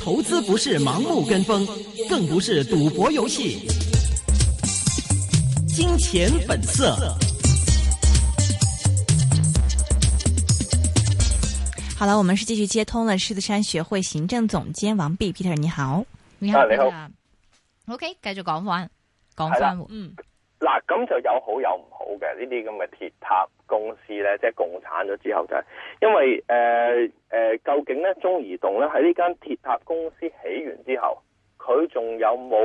投資不是盲目跟風，更不是賭博遊戲。金錢本色。好了，我們是繼續接通了獅子山學會行政總監王弼 Peter，你好，你好，你好。OK，繼續講翻，講翻，嗯。嗱，咁就有好有唔好嘅呢啲咁嘅鐵塔公司咧，即係共產咗之後就係，因為誒、呃呃、究竟咧中移動咧喺呢間鐵塔公司起完之後，佢仲有冇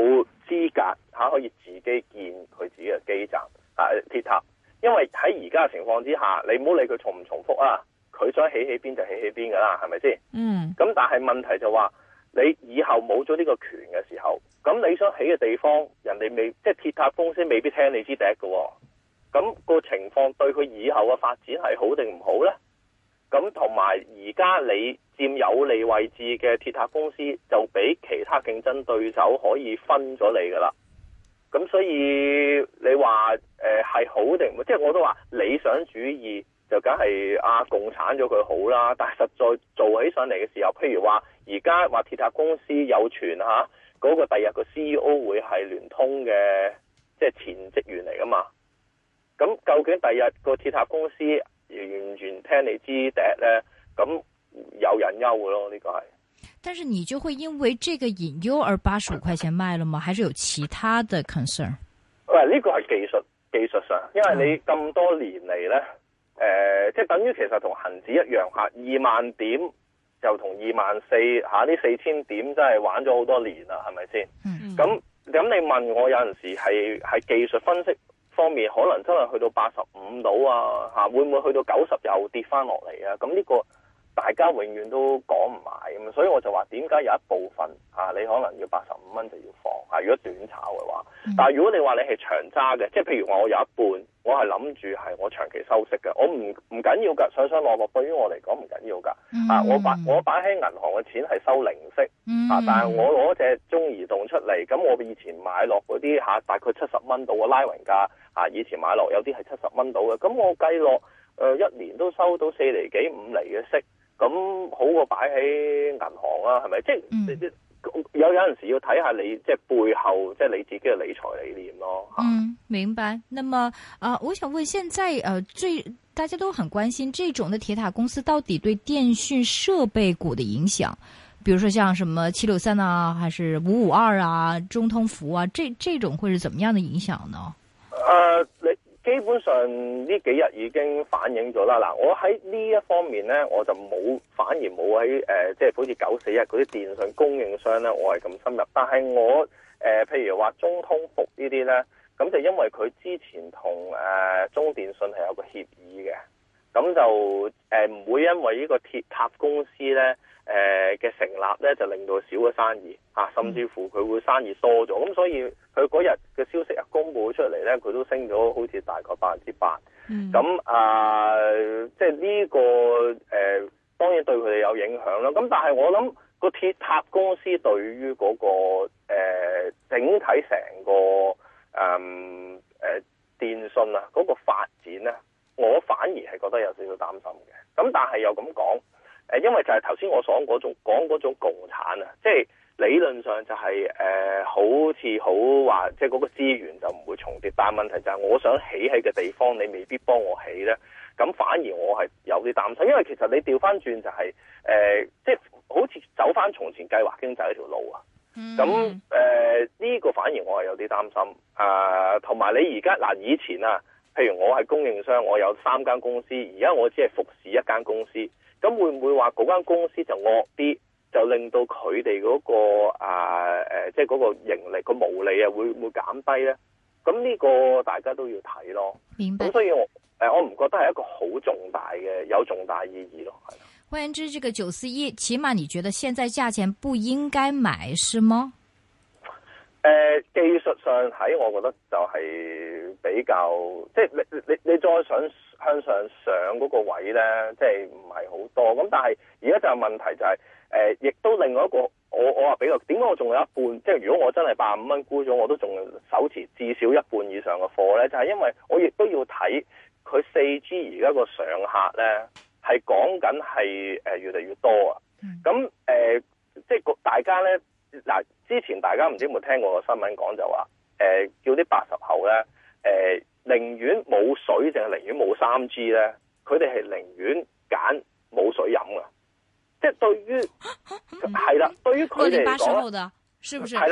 資格吓可以自己建佢自己嘅基站啊鐵塔？因為喺而家嘅情況之下，你唔好理佢重唔重複啊，佢想起起邊就起起邊㗎喇，係咪先？嗯。咁但係問題就話。你以後冇咗呢個權嘅時候，咁你想起嘅地方，人哋未即係鐵塔公司未必聽你支笛嘅喎。咁個情況對佢以後嘅發展係好定唔好呢？咁同埋而家你佔有利位置嘅鐵塔公司，就畀其他競爭對手可以分咗你㗎喇。咁所以你話係、呃、好定唔好？即係我都話理想主義。就梗係啊，共產咗佢好啦，但係實在做起上嚟嘅時候，譬如話而家話鐵塔公司有傳吓嗰、啊嗰個第日個 C E O 會係聯通嘅即係前職員嚟噶嘛？咁究竟第日個鐵塔公司完唔完聽你支笛咧？咁有隱憂嘅咯，呢個係。但是你就會因為這個隱憂而八十五塊錢賣咗嗎，還是有其他的 concern？喂，呢、這個係技術技術上，因為你咁多年嚟咧。嗯呢誒、呃，即係等於其實同恒指一樣吓，二萬點就同二萬四吓，呢、啊、四千點真係玩咗好多年啦，係咪先？咁咁、mm hmm. 你問我有陣時係係技術分析方面，可能真係去到八十五度啊吓、啊，會唔會去到九十又跌翻落嚟啊？咁呢、呢個？大家永遠都講唔埋，咁所以我就話點解有一部分、啊、你可能要八十五蚊就要放、啊、如果短炒嘅話。但係如果你話你係長揸嘅，即係、嗯、譬如話我有一半，我係諗住係我長期收息嘅，我唔唔緊要㗎，上上落落對於我嚟講唔緊要㗎。啊，我我擺喺銀行嘅錢係收零息，啊，但係我攞隻中移動出嚟，咁我以前買落嗰啲大概七十蚊到嘅拉勻價、啊，以前買落有啲係七十蚊到嘅，咁我計落、呃、一年都收到四厘幾五厘嘅息。咁好過擺喺銀行啊，係咪、嗯？即係，有有陣時要睇下你即係背後，即係你自己嘅理財理念咯。嗯，明白。那麼啊、呃，我想問，現在呃最大家都很關心，這種的鐵塔公司到底對電訊設備股的影響，比如說像什麼七六三啊，還是五五二啊，中通服啊，這這種會是怎麼樣的影響呢？呃，你基本上呢幾日已經反映咗啦，嗱，我喺呢一方面咧，我就冇，反而冇喺誒，即係好似九四一嗰啲電信供應商咧，我係咁深入。但係我、呃、譬如話中通服呢啲咧，咁就因為佢之前同、呃、中電信係有個協議嘅。咁就誒唔會因為呢個鐵塔公司咧誒嘅成立咧，就令到少嘅生意啊，甚至乎佢會生意多咗。咁所以佢嗰日嘅消息一公布出嚟咧，佢都升咗好似大概百分之八。咁啊，即係呢個誒當然對佢哋有影響啦。咁但係我諗個鐵塔公司對於嗰個整體成個嗯誒電信啊嗰個發展咧。我反而係覺得有少少擔心嘅，咁但係又咁講，誒，因為就係頭先我講嗰種講嗰種共產啊，即係理論上就係誒，好似好話，即係嗰個資源就唔會重跌，但係問題就係我想起喺嘅地方，你未必幫我起咧，咁反而我係有啲擔心，因為其實你調翻轉就係誒，即係好似走翻從前計劃經濟一條路啊，咁誒呢個反而我係有啲擔心啊，同埋你而家嗱以前啊。譬如我係供應商，我有三間公司，而家我只係服侍一間公司，咁會唔會話嗰間公司就惡啲，就令到佢哋嗰個啊誒，即、啊、係、就是、個盈利個毛利啊，會會減低咧？咁呢個大家都要睇咯。明白、嗯。所以我誒，我唔覺得係一個好重大嘅，有重大意義咯，係咯。換言之，這個九四一，起碼你覺得現在價錢不應該買，是嗎？誒、呃、技術上睇，我覺得就係比較，即係你你你再想向上上嗰個位咧，即係唔係好多。咁但係而家就問題就係，誒、呃、亦都另外一個，我我話俾你聽點解我仲有一半，即係如果我真係八五蚊沽咗，我都仲手持至少一半以上嘅貨咧，就係因為我亦都要睇佢四 G 而家個上客咧，係講緊係越嚟越多啊。咁誒，即係個大家咧。嗱，之前大家唔知有冇聽過個新聞講就話，誒，叫啲八十後咧，誒寧願冇水，定係寧願冇三 G 咧，佢哋係寧願揀冇水飲嘅，即係對於，係啦，對於佢哋嚟講係啦。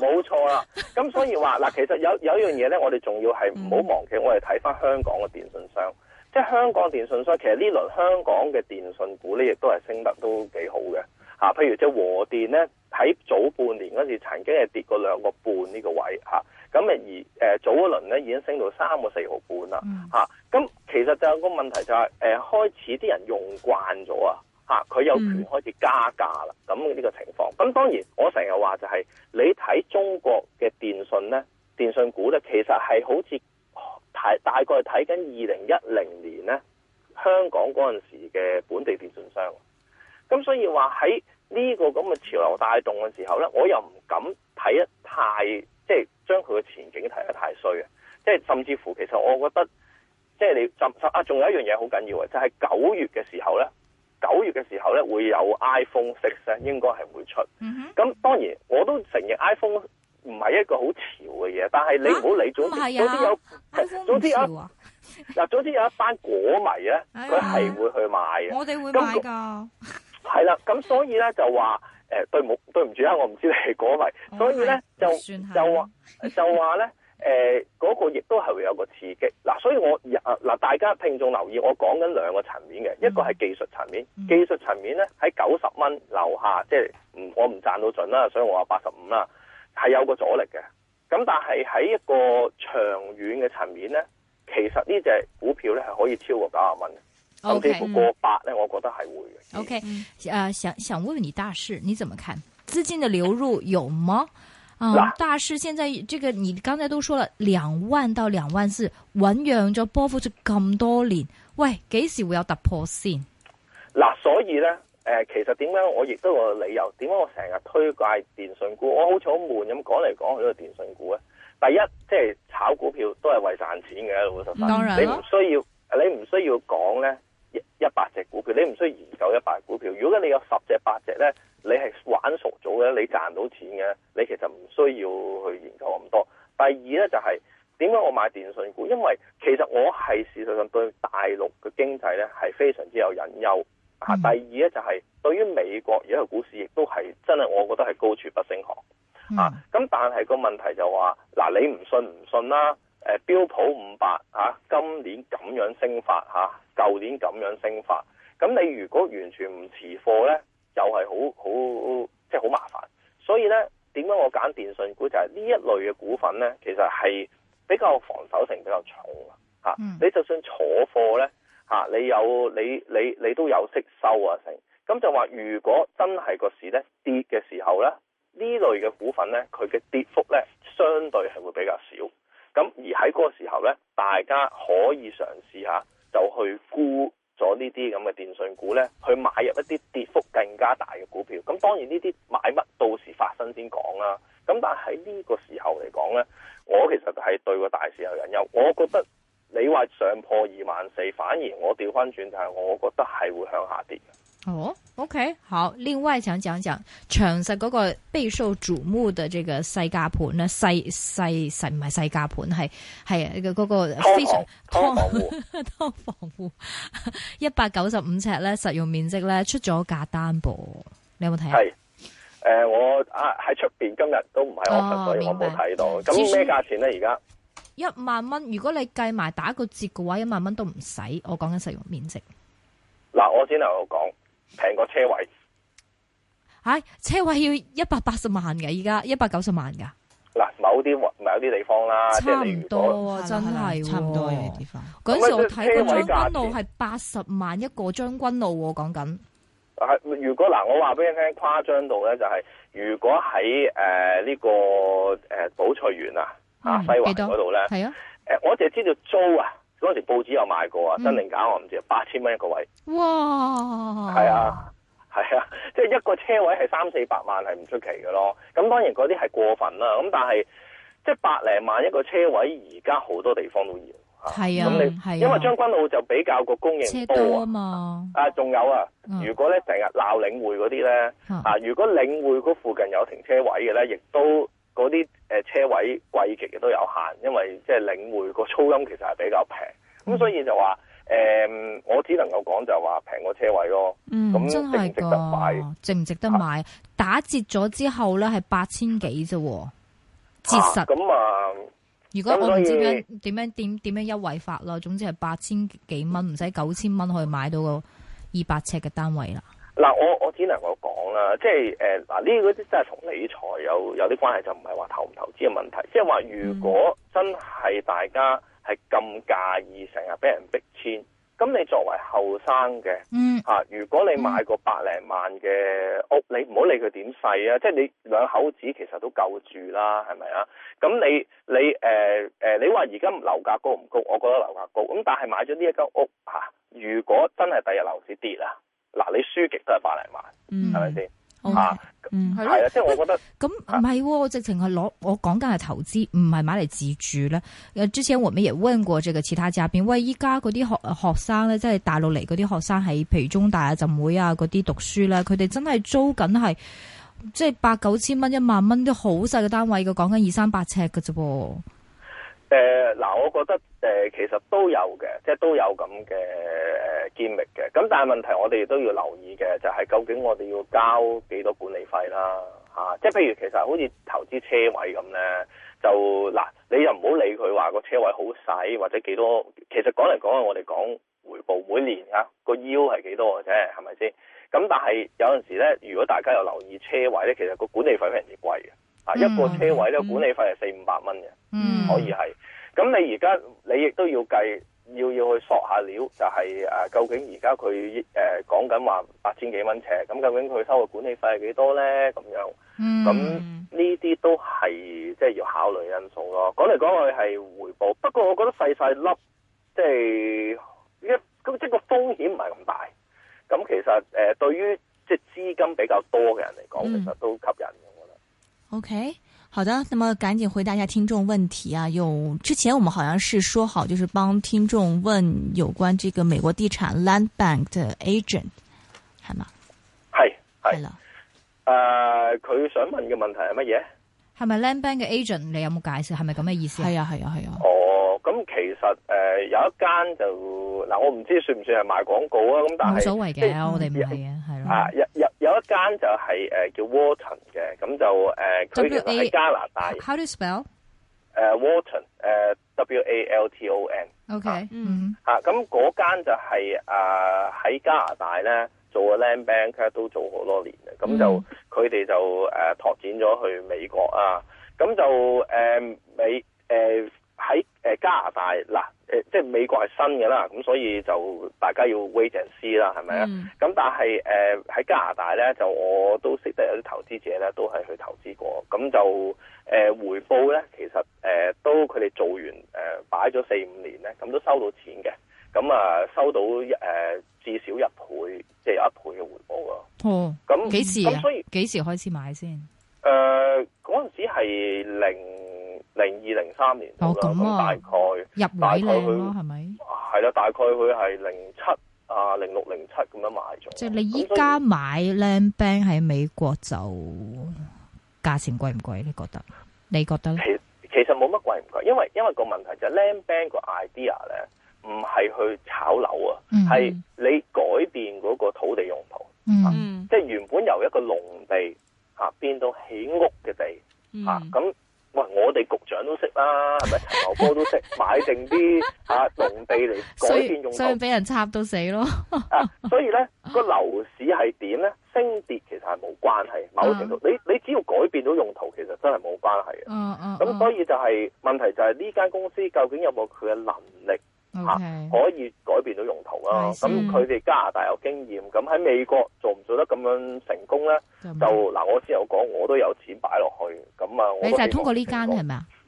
冇錯啦，咁所以話嗱，其實有有一樣嘢咧，我哋仲要係唔好忘記，我哋睇翻香港嘅電信商，即係香港電信商，其實呢輪香港嘅電信股咧，亦都係升得都幾好嘅，吓，譬如即係和電咧，喺早半年嗰時曾經係跌過兩個半呢個位吓，咁而誒早一輪咧已經升到三個四毫半啦，吓，咁其實就有個問題就係誒開始啲人用慣咗啊。吓，佢、啊、有權開始加價啦。咁呢、嗯、個情況，咁當然我成日話就係，你睇中國嘅電信咧，電信股咧，其實係好似睇，大概係睇緊二零一零年咧香港嗰陣時嘅本地電信商。咁所以話喺呢個咁嘅潮流帶動嘅時候咧，我又唔敢睇得太，即係將佢嘅前景睇得太衰啊！即係甚至乎，其實我覺得，即係你就啊，仲有一樣嘢好緊要啊，就係、是、九月嘅時候咧。九月嘅時候咧，會有 iPhone Six 咧，應該係會出。咁當然，我都承認 iPhone 唔係一個好潮嘅嘢，但係你唔好理，總之，啲有 iPhone 嗱，總之有一班果迷咧，佢係會去買嘅。我哋會買噶，係啦。咁所以咧就話，誒，對冇，對唔住啊，我唔知你係果迷，所以咧就就話就話咧。誒，嗰、呃那個亦都係會有個刺激嗱、啊，所以我嗱、啊，大家聽眾留意，我講緊兩個層面嘅，一個係技術層面，技術層面咧喺九十蚊樓下，即係唔我唔賺到盡啦，所以我話八十五啦，係有個阻力嘅。咁但係喺一個長遠嘅層面咧，其實呢隻股票咧係可以超過九十蚊，okay, 甚至乎過百咧，我覺得係會嘅。O K，誒，想想問問，你大市你怎麼看？資金嘅流入有嗎？嗯，喇大市現在這個你剛才都說了，兩萬到兩萬四，醞釀咗波幅咗咁多年，喂，幾時會有突破先？嗱，所以呢誒、呃，其實點解我亦都有個理由，點解我成日推介電信股？我好似好悶咁講嚟講去都係電信股啊！第一，即、就、係、是、炒股票都係為賺錢嘅，老實講，你唔需要，你唔需要講呢一一百隻股票，你唔需要研究一百隻股票。如果你有十隻、八隻呢做嘅你賺到錢嘅，你其實唔需要去研究咁多。第二咧就係點解我買電信股？因為其實我係事實上對大陸嘅經濟咧係非常之有隱憂吓。嗯、第二咧就係、是、對於美國而家嘅股市亦都係真係我覺得係高處不勝寒、嗯、啊。咁但係個問題就話嗱，你唔信唔信啦？誒，標普五百吓，今年咁樣升法吓，舊、啊、年咁樣升法，咁你如果完全唔持貨咧，又係好好。好麻煩，所以咧，點解我揀電信股？就係、是、呢一類嘅股份咧，其實係比較防守性比較重嘅吓。嗯、你就算坐貨咧，吓、啊、你有你你你都有息收啊成。咁就話如果真係個市咧跌嘅時候咧，呢類嘅股份咧，佢嘅跌幅咧相對係會比較少。咁而喺嗰個時候咧，大家可以嘗試下就去沽。咗呢啲咁嘅電信股咧，去買入一啲跌幅更加大嘅股票。咁當然呢啲買乜到時發生先講啦。咁但係呢個時候嚟講咧，我其實係對個大市有隱憂。我覺得你話上破二萬四，反而我掉返轉頭，我覺得係會向下跌。哦，OK，好。另外想講講長實嗰個備受矚目的這個細價盤咧，細細細唔係細價盤，係係嗰個非常多防護，多一百九十五尺咧，實用面積咧出咗價單噃，你有冇睇？係誒、呃，我啊喺出邊今日都唔係、哦、我，所以我冇睇到。咁咩價錢咧？而家一萬蚊，如果你計埋打個折嘅話，一萬蚊都唔使。我講緊實用面積。嗱，我先能夠講。平過車位，吓、啊、車位要一百八十萬嘅，而家一百九十萬噶。嗱，某啲某啲地方啦，差唔多啊，的真係。差唔多啲地方。嗰陣時候我睇過將軍路係八十萬一個將軍路，講緊。係如果嗱、呃，我話俾你聽，誇張到咧，就係如果喺誒呢個誒寶翠園啊，啊、呃嗯、西環嗰度咧，係啊少，誒、呃、我淨係知道租啊。嗰陣時報紙有買過啊，嗯、真定假我唔知，啊，八千蚊一個位。哇！係啊，係啊，即、就、係、是、一個車位係三四百萬係唔出奇嘅咯。咁當然嗰啲係過分啦。咁但係即係百零萬一個車位，而家好多地方都要嚇。係啊，咁、啊、你是、啊、因為將軍澳就比較個供應多啊。多嘛。啊，仲有啊，嗯、如果咧成日鬧領匯嗰啲咧，嗯、啊，如果領匯嗰附近有停車位嘅咧，亦都。嗰啲誒車位貴極嘅都有限，因為即係領匯個噪音其實係比較平，咁、嗯、所以就話誒、嗯，我只能夠講就話平個車位咯。咁真係㗎，值唔值得買？打折咗之後咧，係八千幾啫喎，折實。咁啊，啊如果我唔知點樣點樣點點樣優惠法咯，總之係八千幾蚊，唔使九千蚊可以買到個二百尺嘅單位啦。嗱、啊，我我只能夠講。啊，即係誒，嗱呢啲真係同理財有有啲關係，就唔係話投唔投資嘅問題。即係話如果真係大家係咁介意成日俾人逼遷，咁你作為後生嘅，吓、啊，如果你買個百零萬嘅屋，你唔好理佢點細啊，即係你兩口子其實都夠住啦，係咪啊？咁你你誒誒，你話而家樓價高唔高？我覺得樓價高，咁但係買咗呢一間屋吓、啊，如果真係第日樓市跌啊？嗱，你輸極都係百零萬，係咪先？嚇，嗯，係 okay, 啊，即係我覺得咁唔係，我直情係攞我講緊係投資，唔係買嚟自住咧。之前我咪也問過即個其他家邊，喂，依家嗰啲學學生咧，即係大陸嚟嗰啲學生喺譬如中大啊、浸會啊嗰啲讀書咧，佢哋真係租緊係，即係八九千蚊、一萬蚊都好細嘅單位嘅，講緊二三百尺嘅啫喎。誒，嗱、呃，我覺得，誒、呃，其實都有嘅，即係都有咁嘅見識嘅。咁但係問題，我哋都要留意嘅就係、是，究竟我哋要交幾多管理費啦？啊、即係譬如其實好似投資車位咁咧，就嗱，你又唔好理佢話個車位好細或者幾多，其實講嚟講去，我哋講回報，每年嚇個腰係幾多嘅啫，係咪先？咁但係有陣時咧，如果大家有留意車位咧，其實個管理費非常之貴嘅。啊，一個車位咧、嗯、管理費係四五百蚊嘅，嗯、可以係。咁你而家你亦都要計，要要去索下料，就係、誒、究竟而家佢誒講緊話八千幾蚊尺，咁究竟佢收嘅管理費係幾多咧？咁樣，咁呢啲都係即係要考慮因素咯。講嚟講去係回報，不過我覺得細細粒，即、就、係、是、一咁即係個風險唔係咁大。咁其實誒、呃、對於即係資金比較多嘅人嚟講，嗯、其實都吸引。OK，好的，那麼趕緊回答一下聽眾問題啊！有之前我們好像是說好，就是幫聽眾問有關這個美國地產 Land Bank 的 agent 係嘛？係係啦，誒，佢 Hello?、呃、想問嘅問題係乜嘢？係咪 Land Bank 嘅 agent？你有冇解釋？係咪咁嘅意思？係啊係啊係啊。哦、啊，咁、啊呃、其實誒、呃、有一間就嗱、呃，我唔知道算唔算係賣廣告是的、嗯、啊，咁但係冇所謂嘅，我哋唔係嘅，係咯啊，有、啊啊有一間就係、是、誒、啊、叫 Walton 嘅，咁就誒佢喺加拿大。How do you spell？誒、uh, Walton，誒、uh, W A L T O N okay.、啊。OK，嗯嚇，咁嗰間就係、是、啊喺加拿大咧做個 land bank 都做好多年嘅，咁就佢哋、mm hmm. 就誒拓、啊、展咗去美國啊，咁就誒、啊、美誒。啊喺誒加拿大嗱誒，即係美國係新嘅啦，咁所以就大家要 wait and see 啦，係咪啊？咁但係誒喺加拿大咧，就我都識得有啲投資者咧，都係去投資過，咁就誒、呃、回報咧，其實誒都佢哋做完誒、呃、擺咗四五年咧，咁都收到錢嘅，咁啊收到誒、呃、至少一倍，即係一倍嘅回報啊！哦，咁幾時？所以幾時開始買先？誒嗰陣時係零零二零三年咁啦，大概入位靚咯，係咪？係啦，大概佢係零七啊，零六零七咁樣買咗。即係你依家買 land bank 喺美國就價錢貴唔貴？你覺得？你覺得咧？其其實冇乜貴唔貴，因為因為個問題就係 land bank 個 idea 咧，唔係去炒樓啊，係你改變嗰個土地用途，即係原本由一個農地啊變到起屋嘅地啊咁。喂，我哋局長都識啦，係咪陳茂波都識買定啲啊農地嚟改變用途， 所以所以俾人插到死咯。 啊，所以咧、那個樓市係點咧？升跌其實係冇關係，某程度、uh. 你你只要改變到用途，其實真係冇關係嘅。嗯嗯。咁所以就係、是、問題就係呢間公司究竟有冇佢嘅能力？嚇 Okay. 可以改變到用途啦，咁佢哋加拿大有經驗，咁喺美國做唔做得咁樣成功咧？是是就嗱，我之後講，我都有錢擺落去，咁啊，你就係通過呢間係咪啊？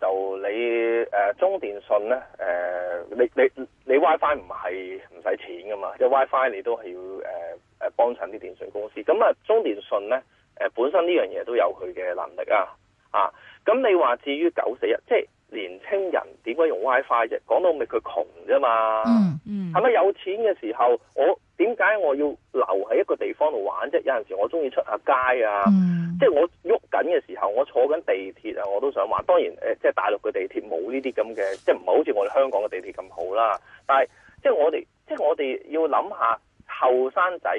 就你誒、呃、中電信咧，誒、呃、你你你 WiFi 唔係唔使錢噶嘛，即、就是、WiFi 你都係要誒誒幫襯啲電信公司。咁啊，中電信咧誒、呃、本身呢樣嘢都有佢嘅能力啊，啊！咁你話至於九四一，即係年青人點解用 WiFi 啫？講到尾佢窮啫嘛？嗯嗯、mm，係、hmm. 咪有錢嘅時候我？點解我要留喺一個地方度玩啫？有陣時我中意出下街啊，mm. 即係我喐緊嘅時候，我坐緊地鐵啊，我都想玩。當然誒，即係大陸嘅地鐵冇呢啲咁嘅，即係唔係好似我哋香港嘅地鐵咁好啦。但係即係我哋，即係我哋要諗下後生仔。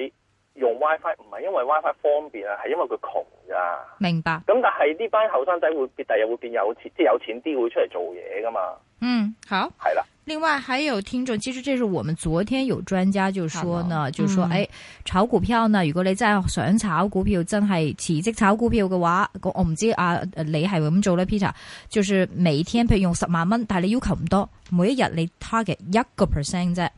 用 WiFi 唔係因為 WiFi 方便啊，係因為佢窮咋。明白。咁但係呢班後生仔會變，第日會變有錢，即係有錢啲會出嚟做嘢噶嘛。嗯，好。係啦的。另外，還有聽眾，其實這是我們昨天有專家就說呢，的就說誒、嗯哎，炒股票呢，如果你真係想炒股票，真係辭職炒股票嘅話，我唔知啊。你係會咁做呢 Peter 就是每天，譬如用十萬蚊，但係你要求唔多，每一日你 target 一個 percent 啫。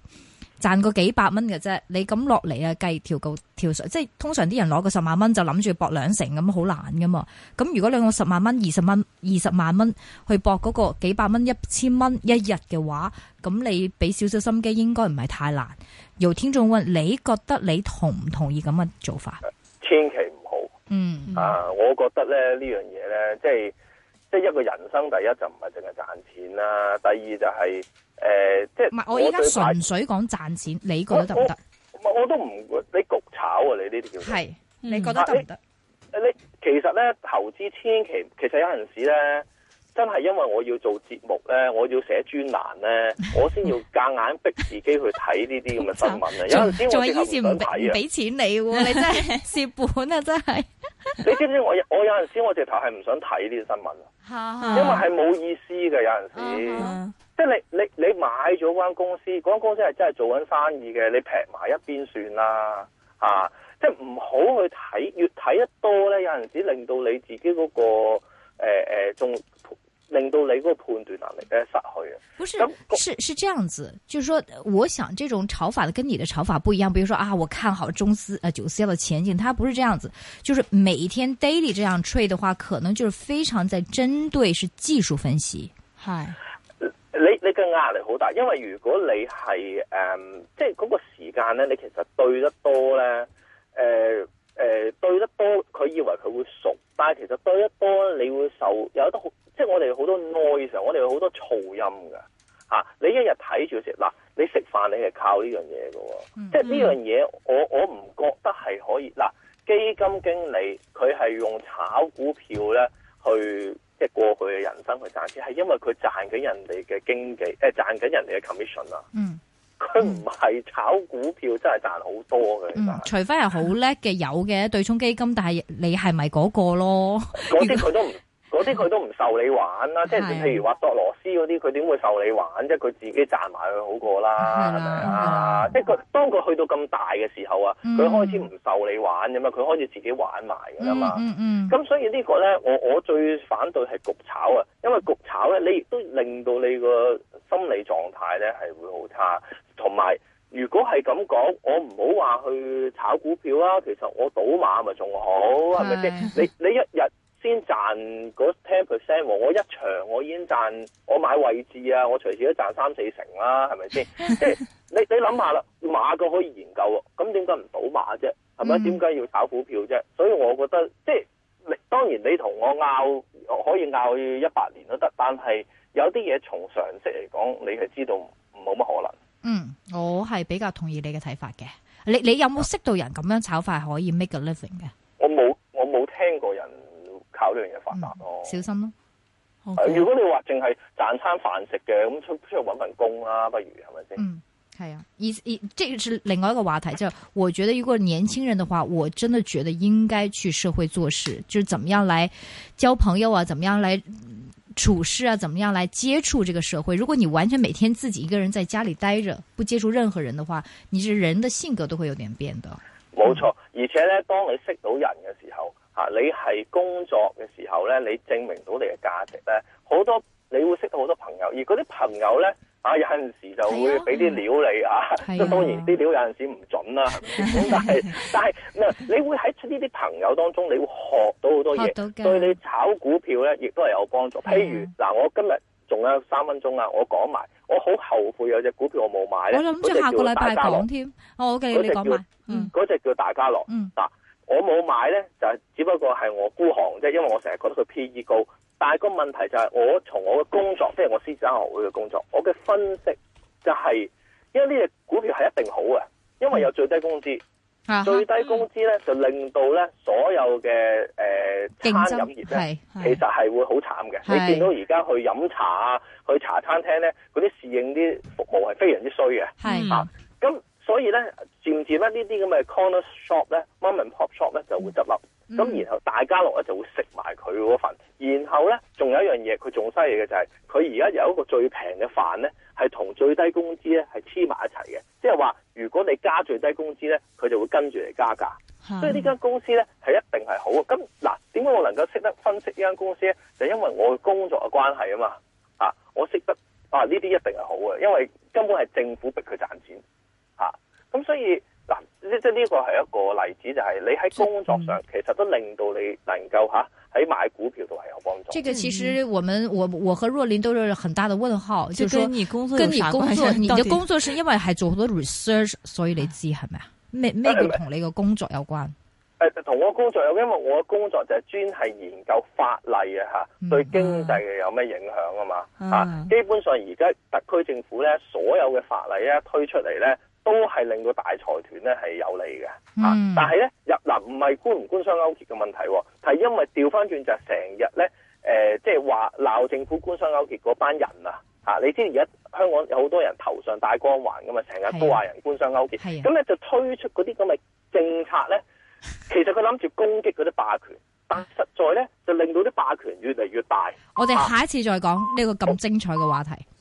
賺個幾百蚊嘅啫，你咁落嚟啊計條條條數，即係通常啲人攞個十萬蚊就諗住博兩成咁，好難噶嘛。咁如果你用十萬蚊，二十蚊，二十萬蚊去博嗰個幾百蚊、一千蚊一日嘅話，咁你俾少少心機，應該唔係太難。姚天仲問，你覺得你同唔同意咁嘅做法？千祈唔好。嗯啊，我覺得咧呢樣嘢咧，即係。即係一個人生，第一就唔係淨係賺錢啦，第二就係、是、誒、呃，即係唔係我依家純粹講賺錢，你覺得得唔得？唔係我都唔會你焗炒啊！嗯、你呢啲叫做係你覺得得唔得？誒，你其實咧投資千祈，其實有陣時咧。真係因為我要做節目咧，我要寫專欄咧，我先要夾硬逼自己去睇呢啲咁嘅新聞啊！ 有陣時我真係唔睇啊，俾錢你、啊，你真係蝕本啊！真係，你知唔知我有我有陣時我直頭係唔想睇呢啲新聞啊？因為係冇意思嘅，有陣時，即係你你你買咗間公司，嗰間 公司係真係做緊生意嘅，你擗埋一邊算啦，吓、啊，即係唔好去睇，越睇得多咧，有陣時令到你自己嗰、嗰個誒誒仲，呃呃中令到你嗰個判斷能力咧失去啊！不是咁，那是那是，是這樣子，就是說，我想這種炒法的跟你的炒法不一樣。比如說啊，我看好中資誒、啊、九四一的前景，它不是這樣子，就是每一天 daily 這樣 trade 的話，可能就是非常在針對是技術分析。係是你你嘅壓力好大，因為如果你係誒，即係嗰個時間咧，你其實對得多咧，誒、呃、誒、呃、對得多，佢以為佢會熟，但係其實對得多，你會受有得好。即係我哋好多 noise 我哋好多噪音噶，吓、啊、你一日睇住食嗱，你食飯你係靠呢樣嘢喎。嗯、即係呢樣嘢我我唔覺得係可以嗱，基金經理佢係用炒股票咧去即係過佢嘅人生去賺錢，係因為佢賺緊人哋嘅經紀，誒、呃、賺緊人哋嘅 commission 啊，嗯，佢唔係炒股票真係賺好多嘅，除非係好叻嘅有嘅對沖基金，但係你係咪嗰個咯？嗰啲佢都唔。 嗰啲佢都唔受你玩啦，即係譬如話索羅斯嗰啲，佢點會受你玩？即係佢自己賺埋去好過啦，係咪啊？的的即係佢當佢去到咁大嘅時候啊，佢、嗯、開始唔受你玩咁啊，佢開始自己玩埋㗎啦嘛。咁、嗯嗯嗯、所以個呢個咧，我我最反對係焗炒啊，因為焗炒咧，你亦都令到你個心理狀態咧係會好差。同埋如果係咁講，我唔好話去炒股票啊，其實我賭馬咪仲好，係咪？即你你一日，先賺 ten percent 我一場我已經賺，我買位置啊，我隨時都賺三四成啦、啊，係咪先？即係、 欸、你你諗下啦，馬個可以研究喎，咁點解唔賭馬啫？係咪？點解、嗯、要炒股票啫？所以我覺得即係當然你同我拗可以拗一百年都得，但係有啲嘢從常識嚟講，你係知道冇乜可能。嗯，我係比較同意你嘅睇法嘅。你你有冇識到人咁樣炒法可以 make a living 嘅？我冇，我冇聽過人。靠呢樣嘢發達咯、啊嗯，小心咯、喔。啊、如果你話淨係賺餐飯食嘅，咁出出去揾份工啊不如係咪先？嗯，係啊。依依，這個是另外一個話題，就是、我覺得如果年輕人的話，我真的覺得應該去社會做事，就是怎麼樣來交朋友啊，怎麼樣來處事啊，怎麼樣來接觸這個社會。如果你完全每天自己一個人在家裏待着，不接觸任何人的話，你是人的性格都會有點變的。冇錯、嗯，而且呢，當你識到人嘅時候。啊，你係工作嘅時候咧，你證明到你嘅價值咧，好多你會識到好多朋友，而嗰啲朋友咧啊，有陣時就會俾啲料你啊，即當然啲料有陣時唔準啦。咁但係但係咩？你會喺呢啲朋友當中，你會學到好多嘢，對你炒股票咧，亦都係有幫助。譬如嗱，我今日仲有三分鐘啊，我講埋，我好後悔有隻股票我冇買咧。我諗住下個禮拜講添。我嘅你講埋，嗯，嗰隻叫大家樂，嗯，嗱。我冇買呢，就係只不過係我孤寒，即係因為我成日覺得佢 P E 高，但係個問題就係我從我嘅工作，即係的我獅子山學會嘅工作，我嘅分析就係、是、因為呢隻股票係一定好嘅，因為有最低工資，嗯、最低工資呢，就令到呢所有嘅誒、呃、餐飲業呢，其實係會好慘嘅。的你見到而家去飲茶啊，去茶餐廳呢，嗰啲侍應啲服務係非常之衰嘅，係咁的。嗯嗯所以咧，漸漸咧呢啲咁嘅 corner shop 咧、mom and pop shop 咧就會執笠，咁、mm. 然後大家樂咧就會食埋佢嗰份。然後咧，仲有一樣嘢，佢仲犀利嘅就係佢而家有一個最平嘅飯咧，係同最低工資咧係黐埋一齊嘅。即係話，如果你加最低工資咧，佢就會跟住嚟加價。Mm. 所以呢間公司咧係一定係好。咁嗱，點解我能夠識得分析呢間公司咧？就因為我工作嘅關係啊嘛。啊，我識得啊，呢啲一定係好嘅，因為根本係政府逼佢賺錢。吓，咁所以嗱，即即呢個係一個例子，就係你喺工作上其實都令到你能夠吓喺買股票度係有幫助。這個其實我們我我和若琳都有很大的問號，就說你工作，跟你工作，你嘅工作是因為係做好多 research，所以你知係咪啊？咩咩嘢同你嘅工作有關？誒，同我工作有，因為我工作就係專係研究法例啊，吓對經濟有咩影響啊嘛？啊，基本上而家特區政府咧，所有嘅法例一推出嚟咧。都係令到大財團咧係有利嘅。嚇、嗯！但係咧入嗱唔係官唔官商勾結嘅問題，係因為掉返轉就係成日咧誒，即係話鬧政府官商勾結嗰班人啊嚇！你知而家香港有好多人頭上戴光環㗎嘛，成日都話人官商勾結，咁咧、啊啊、就推出嗰啲咁嘅政策咧，其實佢諗住攻擊嗰啲霸權，啊、但實在咧就令到啲霸權越嚟越大。我哋下一次再講呢個咁精彩嘅話題。嗯